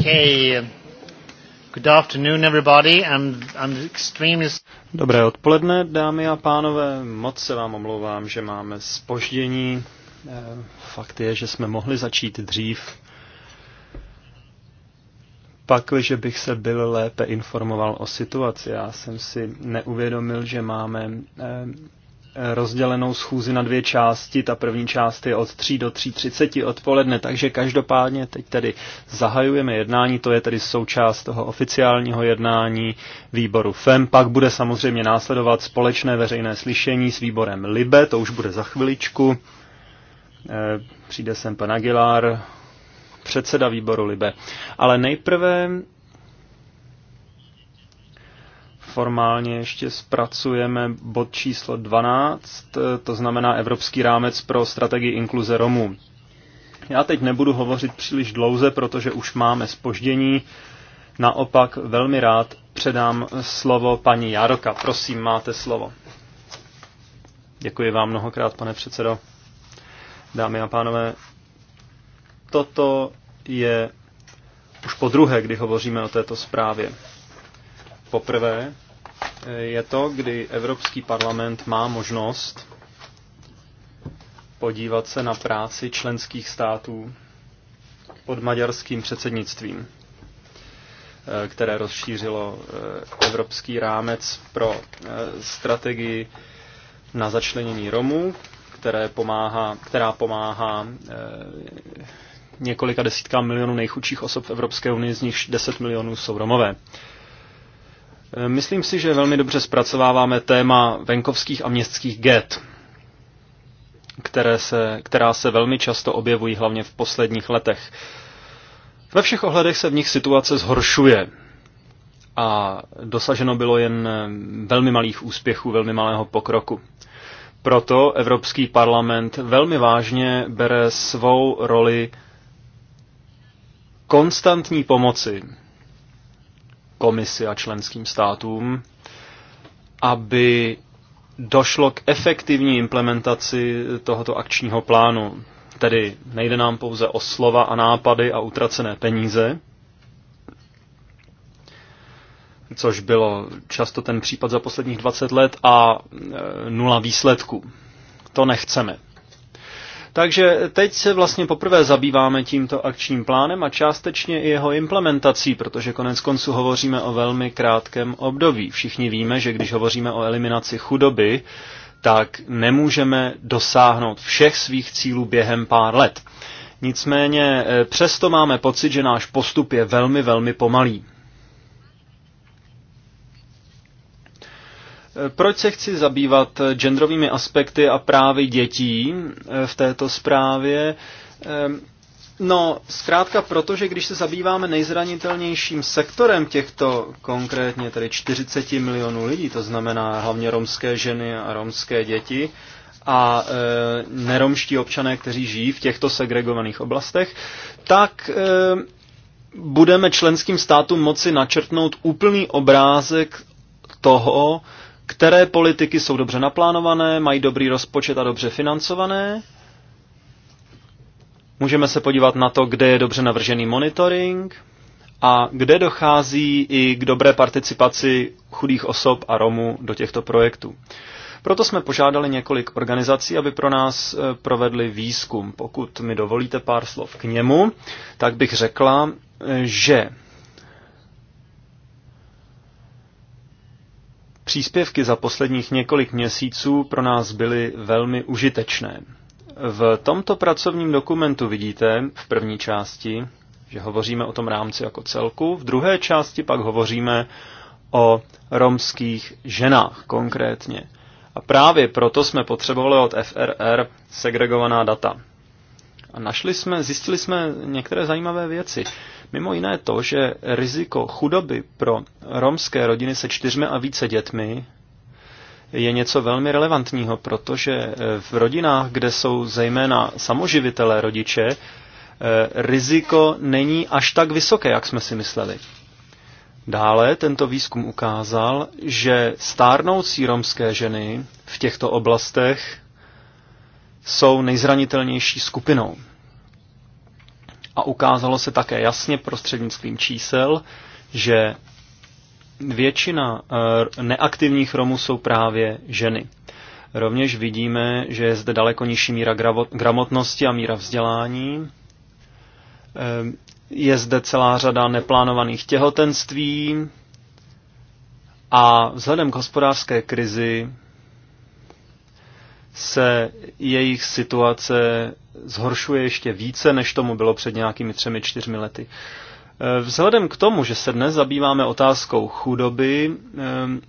Okay. Good afternoon everybody. I'm, I'm extremely... Dobré odpoledne, dámy a pánové. Moc se vám omlouvám, že máme spoždění. Eh, fakt je, že jsme mohli začít dřív. Pak, že bych se byl lépe informoval o situaci, já jsem si neuvědomil, že máme eh, rozdělenou schůzi na dvě části. Ta první část je od 3 do 3.30 odpoledne, takže každopádně teď tedy zahajujeme jednání, to je tedy součást toho oficiálního jednání výboru FEM. Pak bude samozřejmě následovat společné veřejné slyšení s výborem LIBE, to už bude za chviličku. Eh, přijde sem pan Aguilar, předseda výboru LIBE. Ale nejprve formálně ještě zpracujeme bod číslo 12, to znamená Evropský rámec pro strategii inkluze Romů. Já teď nebudu hovořit příliš dlouze, protože už máme spoždění. Naopak velmi rád předám slovo paní Jaroka. Prosím, máte slovo. Děkuji vám mnohokrát, pane předsedo. Dámy a pánové, toto je už po druhé, kdy hovoříme o této zprávě. Poprvé je to, kdy Evropský parlament má možnost podívat se na práci členských států pod maďarským předsednictvím, eh, které rozšířilo eh, evropský rámec pro eh, strategii na začlenění Romů, které pomáhá, která pomáhá několika desítkám milionů nejchudších osob v Evropské unii, z nichž 10 milionů jsou Romové. Eh, myslím si, že velmi dobře zpracováváme téma venkovských a městských get, které se, která se velmi často objevují, hlavně v posledních letech. Ve všech ohledech se v nich situace zhoršuje a dosaženo bylo jen eh, velmi malých úspěchů, velmi malého pokroku. Proto Evropský parlament velmi vážně bere svou roli konstantní pomoci komisi a členským státům, aby došlo k efektivní implementaci tohoto akčního plánu. Tedy nejde nám pouze o slova a nápady a utracené peníze, což bylo často ten případ za posledních 20 let, a e, nula výsledků. To nechceme. Takže teď se vlastně poprvé zabýváme tímto akčním plánem a částečně i jeho implementací, protože konec konců hovoříme o velmi krátkém období. Všichni víme, že když hovoříme o eliminaci chudoby, tak nemůžeme dosáhnout všech svých cílů během pár let. Nicméně eh, přesto máme pocit, že náš postup je velmi, velmi pomalý. Proč se chci zabývat genderovými aspekty a právy dětí eh, v této zprávě? Eh, no, zkrátka proto, že když se zabýváme nejzranitelnějším sektorem těchto konkrétně tedy 40 milionů lidí, to znamená hlavně romské ženy a romské děti, a e, neromští občané, kteří žijí v těchto segregovaných oblastech, tak e, budeme členským státům moci načrtnout úplný obrázek toho, e, které politiky jsou dobře naplánované, mají dobrý rozpočet a dobře financované. Můžeme se podívat na to, kde je dobře navržený monitoring a kde dochází i k dobré participaci chudých osob a Romů do těchto projektů. Proto jsme požádali několik organizací, aby pro nás eh, provedli výzkum. Pokud mi dovolíte pár slov k němu, tak bych řekla, eh, že Příspěvky za posledních několik měsíců pro nás byly velmi užitečné. V tomto pracovním dokumentu vidíte v první části, že hovoříme o tom rámci jako celku, v druhé části pak hovoříme o romských ženách konkrétně. A právě proto jsme potřebovali od FRR segregovaná data. A našli jsme, zjistili jsme některé zajímavé věci. Mimo jiné to, že riziko chudoby pro romské rodiny se čtyřmi a více dětmi je něco velmi relevantního, protože eh, v rodinách, kde jsou zejména samoživitelé rodiče, eh, riziko není až tak vysoké, jak jsme si mysleli. Dále tento výzkum ukázal, že stárnoucí romské ženy v těchto oblastech jsou nejzranitelnější skupinou a ukázalo se také jasně prostřednictvím čísel, že většina eh, neaktivních Romů jsou právě ženy. Rovněž vidíme, že je zde daleko nižší míra gramotnosti a míra vzdělání. Eh, je zde celá řada neplánovaných těhotenství a vzhledem k hospodářské krizi se jejich situace zhoršuje ještě více, než tomu bylo před nějakými třemi, čtyřmi lety. E, vzhledem k tomu, že se dnes zabýváme otázkou chudoby, e,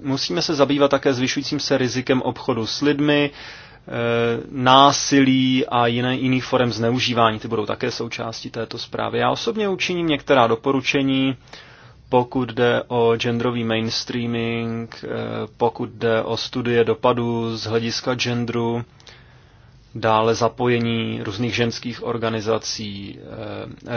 musíme se zabývat také zvyšujícím se rizikem obchodu s lidmi, e, násilí a jiné, jiných forem zneužívání. Ty budou také součástí této zprávy. Já osobně učiním některá doporučení, pokud jde o genderový mainstreaming, pokud jde o studie dopadu z hlediska genderu, dále zapojení různých ženských organizací, eh,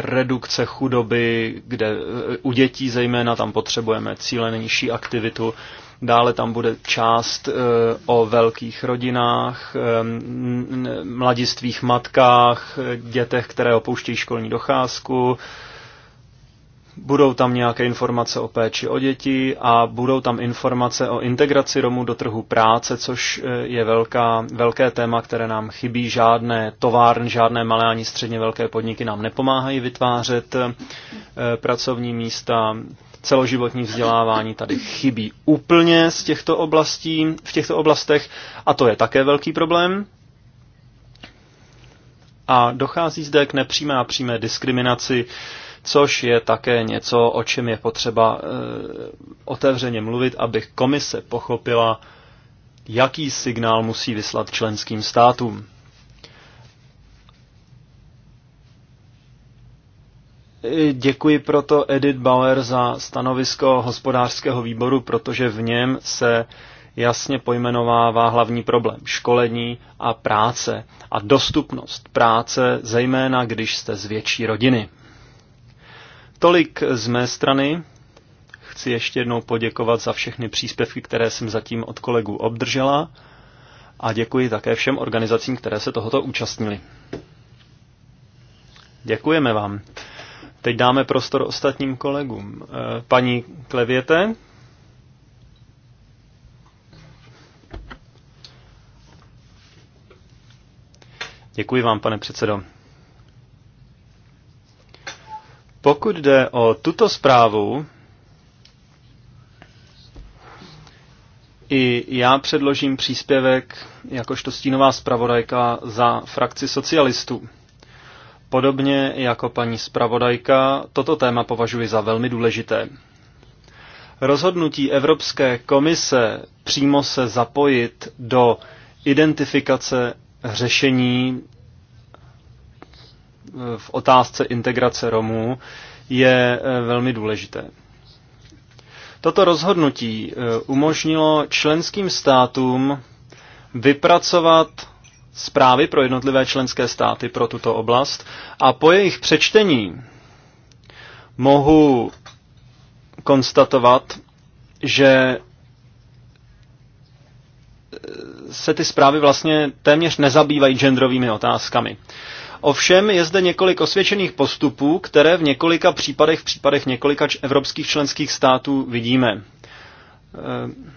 redukce chudoby, kde eh, u dětí zejména tam potřebujeme cílenější aktivitu. Dále tam bude část eh, o velkých rodinách, mladistvých matkách, dětech, které opouštějí školní docházku, budou tam nějaké informace o péči o děti a budou tam informace o integraci Romů do trhu práce, což eh, je velká, velké téma, které nám chybí. Žádné továrny, žádné malé ani středně velké podniky nám nepomáhají vytvářet eh, pracovní místa. Celoživotní vzdělávání tady chybí úplně z těchto oblastí, v těchto oblastech a to je také velký problém. A dochází zde k nepřímé a přímé diskriminaci což je také něco, o čem je potřeba eh, otevřeně mluvit, aby komise pochopila, jaký signál musí vyslat členským státům. Děkuji proto Edith Bauer za stanovisko hospodářského výboru, protože v něm se jasně pojmenovává hlavní problém školení a práce a dostupnost práce, zejména když jste z větší rodiny. Tolik z mé strany. Chci ještě jednou poděkovat za všechny příspěvky, které jsem zatím od kolegů obdržela a děkuji také všem organizacím, které se tohoto účastnili. Děkujeme vám. Teď dáme prostor ostatním kolegům. Eh, paní Klevěte. Děkuji vám, pane předsedo. Pokud jde o tuto zprávu, i já předložím příspěvek jakožto stínová zpravodajka za frakci socialistů. Podobně jako paní zpravodajka, toto téma považuji za velmi důležité. Rozhodnutí Evropské komise přímo se zapojit do identifikace řešení v otázce integrace Romů je eh, velmi důležité. Toto rozhodnutí eh, umožnilo členským státům vypracovat zprávy pro jednotlivé členské státy pro tuto oblast a po jejich přečtení mohu konstatovat, že eh, se ty zprávy vlastně téměř nezabývají genderovými otázkami. Ovšem je zde několik osvědčených postupů, které v několika případech, v případech několika evropských členských států vidíme. Eh,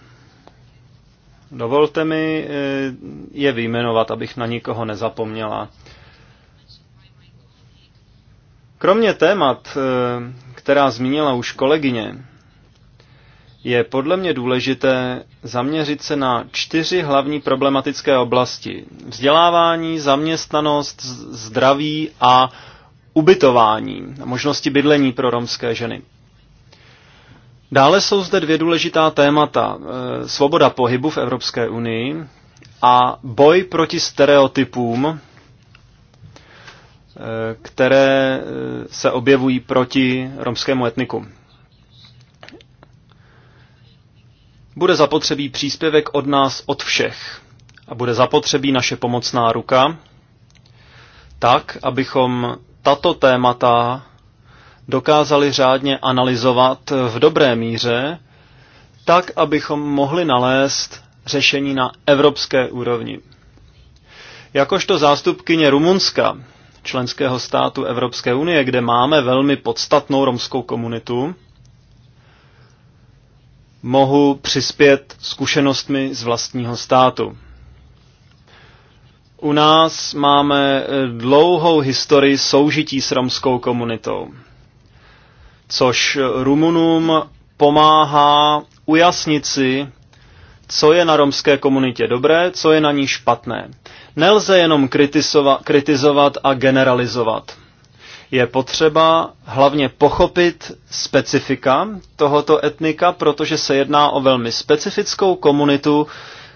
dovolte mi eh, je vyjmenovat, abych na nikoho nezapomněla. Kromě témat, eh, která zmínila už kolegyně, je podle mě důležité zaměřit se na čtyři hlavní problematické oblasti. Vzdělávání, zaměstnanost, zdraví a ubytování, možnosti bydlení pro romské ženy. Dále jsou zde dvě důležitá témata. E, svoboda pohybu v Evropské unii a boj proti stereotypům, e, které e, se objevují proti romskému etniku. Bude zapotřebí příspěvek od nás, od všech. A bude zapotřebí naše pomocná ruka, tak, abychom tato témata dokázali řádně analyzovat v dobré míře, tak, abychom mohli nalézt řešení na evropské úrovni. Jakožto zástupkyně Rumunska, členského státu Evropské unie, kde máme velmi podstatnou romskou komunitu, mohu přispět zkušenostmi z vlastního státu. U nás máme eh, dlouhou historii soužití s romskou komunitou, což eh, Rumunům pomáhá ujasnit si, co je na romské komunitě dobré, co je na ní špatné. Nelze jenom kritizovat a generalizovat je potřeba hlavně pochopit specifika tohoto etnika, protože se jedná o velmi specifickou komunitu,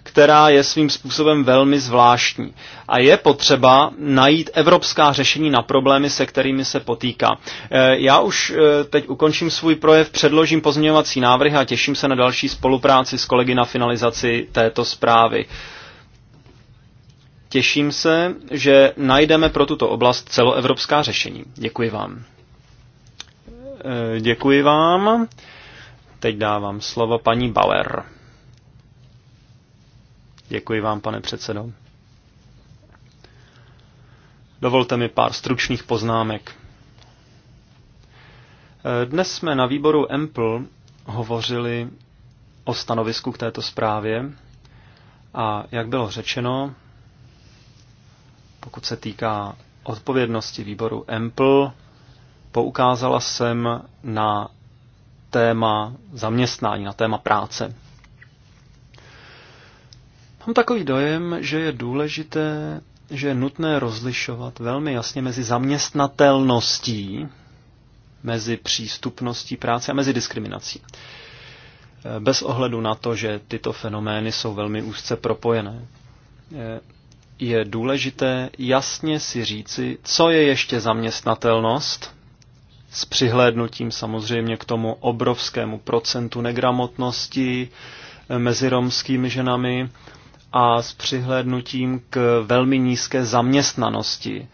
která je svým způsobem velmi zvláštní. A je potřeba najít evropská řešení na problémy, se kterými se potýká. E, já už e, teď ukončím svůj projev, předložím pozměňovací návrhy a těším se na další spolupráci s kolegy na finalizaci této zprávy. Těším se, že najdeme pro tuto oblast celoevropská řešení. Děkuji vám. Eh, děkuji vám. Teď dávám slovo paní Bauer. Děkuji vám, pane předsedo. Dovolte mi pár stručných poznámek. Eh, dnes jsme na výboru EMPL hovořili o stanovisku k této zprávě a jak bylo řečeno, pokud se týká odpovědnosti výboru EMPL, poukázala jsem na téma zaměstnání, na téma práce. Mám takový dojem, že je důležité, že je nutné rozlišovat velmi jasně mezi zaměstnatelností, mezi přístupností práce a mezi diskriminací. Bez ohledu na to, že tyto fenomény jsou velmi úzce propojené je důležité jasně si říci, co je ještě zaměstnatelnost, s přihlédnutím samozřejmě k tomu obrovskému procentu negramotnosti eh, mezi romskými ženami a s přihlédnutím k velmi nízké zaměstnanosti.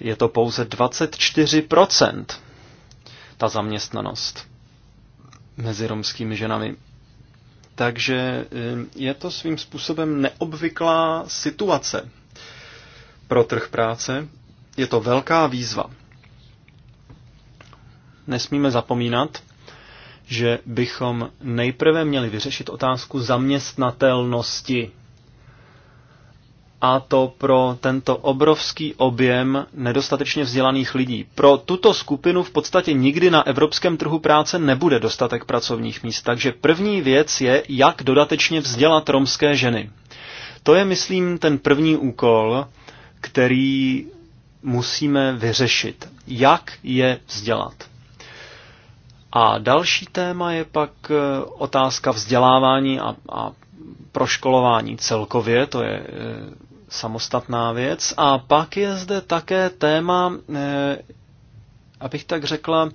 Je to pouze 24% ta zaměstnanost mezi romskými ženami. Takže eh, je to svým způsobem neobvyklá situace pro trh práce. Je to velká výzva. Nesmíme zapomínat, že bychom nejprve měli vyřešit otázku zaměstnatelnosti. A to pro tento obrovský objem nedostatečně vzdělaných lidí. Pro tuto skupinu v podstatě nikdy na evropském trhu práce nebude dostatek pracovních míst. Takže první věc je, jak dodatečně vzdělat romské ženy. To je, myslím, ten první úkol, který musíme vyřešit. Jak je vzdělat? A další téma je pak eh, otázka vzdělávání a, a proškolování celkově, to je eh, samostatná věc. A pak je zde také téma, eh, abych tak řekla,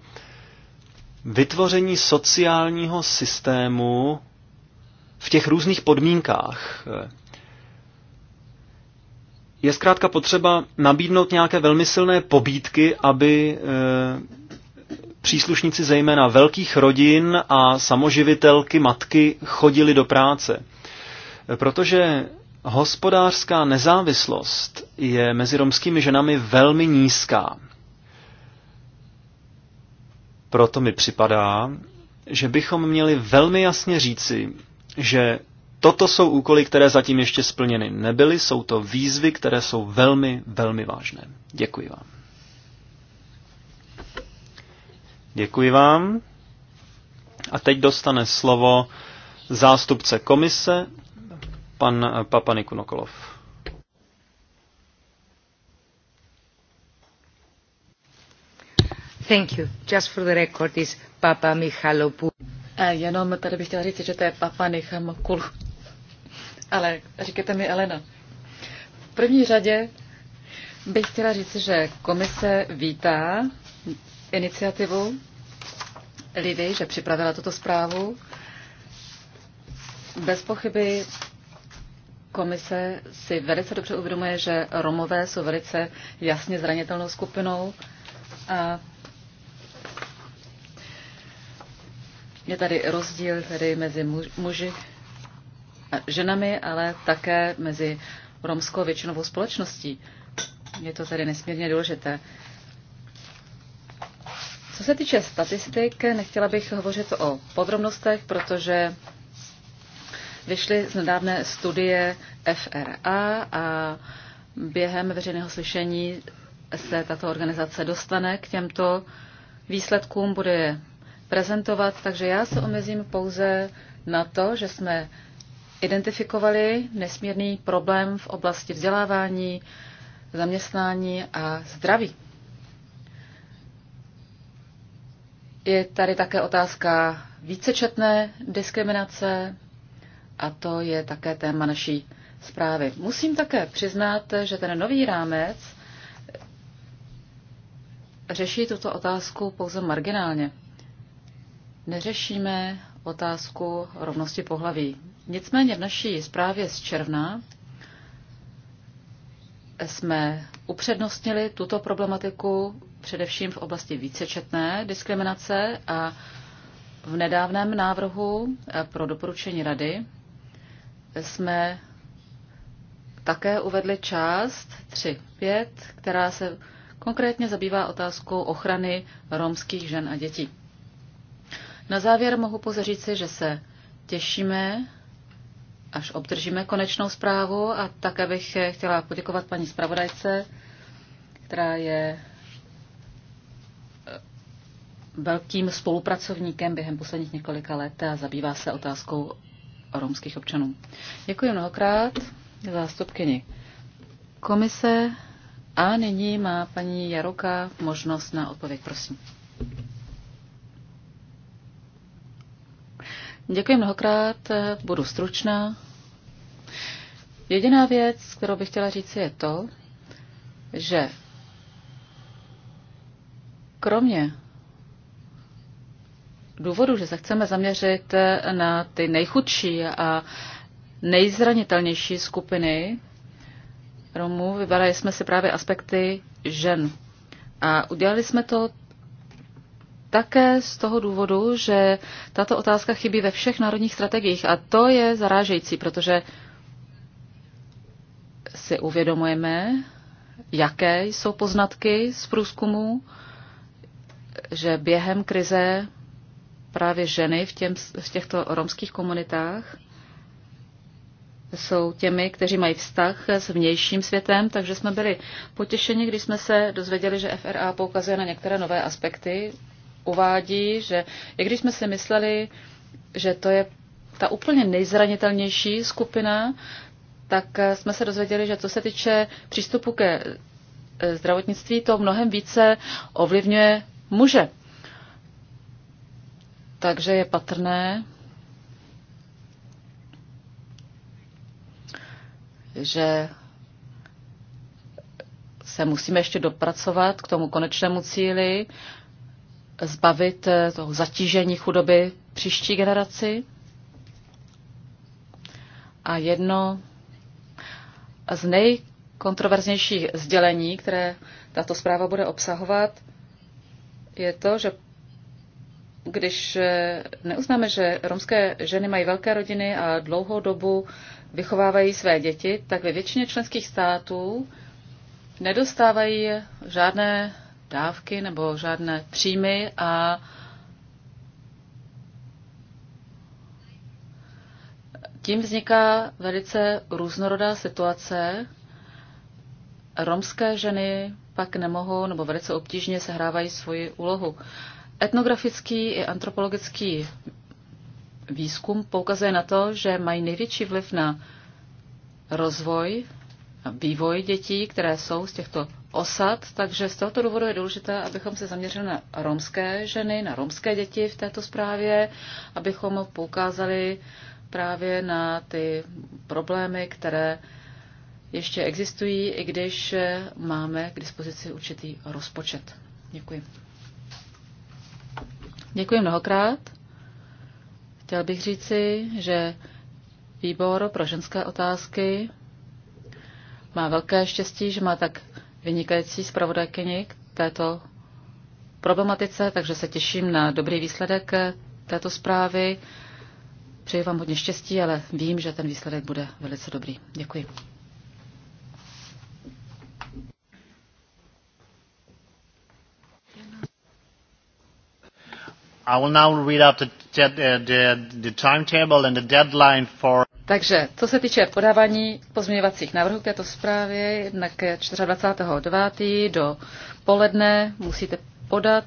vytvoření sociálního systému v těch různých podmínkách, je zkrátka potřeba nabídnout nějaké velmi silné pobídky, aby eh, příslušníci zejména velkých rodin a samoživitelky, matky chodili do práce. Protože hospodářská nezávislost je mezi romskými ženami velmi nízká. Proto mi připadá, že bychom měli velmi jasně říci, že Toto jsou úkoly, které zatím ještě splněny nebyly, jsou to výzvy, které jsou velmi, velmi vážné. Děkuji vám. Děkuji vám. A teď dostane slovo zástupce komise, pan eh, Papa Nikunokolov. Thank you. Just for the record is Papa Michalopoulos. Eh, jenom tady bych chtěla říct, že to je Papa Nichamokulus. Ale říkejte mi, Elena. V první řadě bych chtěla říct, že komise vítá iniciativu Livy, že připravila tuto zprávu. Bez pochyby komise si velice dobře uvědomuje, že Romové jsou velice jasně zranitelnou skupinou a je tady rozdíl tedy mezi muži ženami, ale také mezi romskou většinovou společností. Je to tady nesmírně důležité. Co se týče statistik, nechtěla bych hovořit o podrobnostech, protože vyšly z nedávné studie FRA a během veřejného slyšení se tato organizace dostane k těmto výsledkům, bude je prezentovat, takže já se omezím pouze na to, že jsme identifikovali nesmírný problém v oblasti vzdělávání, zaměstnání a zdraví. Je tady také otázka vícečetné diskriminace a to je také téma naší zprávy. Musím také přiznat, že ten nový rámec řeší tuto otázku pouze marginálně. Neřešíme otázku rovnosti pohlaví. Nicméně v naší zprávě z června jsme upřednostnili tuto problematiku především v oblasti vícečetné diskriminace a v nedávném návrhu eh, pro doporučení rady jsme také uvedli část 3.5, která se konkrétně zabývá otázkou ochrany romských žen a dětí. Na závěr mohu pozaříci, že se těšíme až obdržíme konečnou zprávu. A také bych chtěla poděkovat paní zpravodajce, která je eh, velkým spolupracovníkem během posledních několika let a zabývá se otázkou romských občanů. Děkuji mnohokrát zástupkyni komise a nyní má paní Jaroka možnost na odpověď, prosím. Děkuji mnohokrát, budu stručná. Jediná věc, kterou bych chtěla říct, je to, že kromě důvodu, že se chceme zaměřit na ty nejchudší a nejzranitelnější skupiny Romů, vybrali jsme si právě aspekty žen. A udělali jsme to také z toho důvodu, že tato otázka chybí ve všech národních strategiích a to je zarážející, protože si uvědomujeme, jaké jsou poznatky z průzkumu, že během krize právě ženy v, těm, v těchto romských komunitách jsou těmi, kteří mají vztah s vnějším světem, takže jsme byli potěšeni, když jsme se dozvěděli, že FRA poukazuje na některé nové aspekty uvádí, že i když jsme si mysleli, že to je ta úplně nejzranitelnější skupina, tak eh, jsme se dozvěděli, že co se týče přístupu ke eh, zdravotnictví, to mnohem více ovlivňuje muže. Takže je patrné, že se musíme ještě dopracovat k tomu konečnému cíli, zbavit eh, toho zatížení chudoby příští generaci. A jedno z nejkontroverznějších sdělení, které tato zpráva bude obsahovat, je to, že když eh, neuznáme, že romské ženy mají velké rodiny a dlouhou dobu vychovávají své děti, tak ve většině členských států nedostávají žádné dávky nebo žádné příjmy a tím vzniká velice různorodá situace. Romské ženy pak nemohou nebo velice obtížně sehrávají svoji úlohu. Etnografický i antropologický výzkum poukazuje na to, že mají největší vliv na rozvoj a vývoj dětí, které jsou z těchto osad, takže z tohoto důvodu je důležité, abychom se zaměřili na romské ženy, na romské děti v této zprávě, abychom poukázali právě na ty problémy, které ještě existují, i když máme k dispozici určitý rozpočet. Děkuji. Děkuji mnohokrát. Chtěl bych říci, že výbor pro ženské otázky má velké štěstí, že má tak vynikající zpravodajkyni k této problematice, takže se těším na dobrý výsledek této zprávy. Přeji vám hodně štěstí, ale vím, že ten výsledek bude velice dobrý. Děkuji. I will now read out the, the, the, the timetable and the deadline for takže, co se týče podávání pozměňovacích návrhů k této zprávě, jednak 24.9. do poledne musíte podat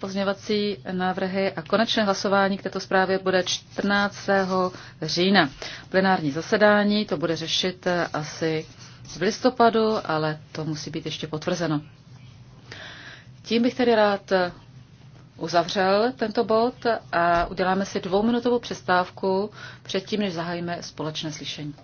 pozměňovací návrhy a konečné hlasování k této zprávě bude 14. října. Plenární zasedání to bude řešit asi v listopadu, ale to musí být ještě potvrzeno. Tím bych tedy rád uzavřel tento bod a uděláme si dvouminutovou přestávku předtím, než zahájíme společné slyšení.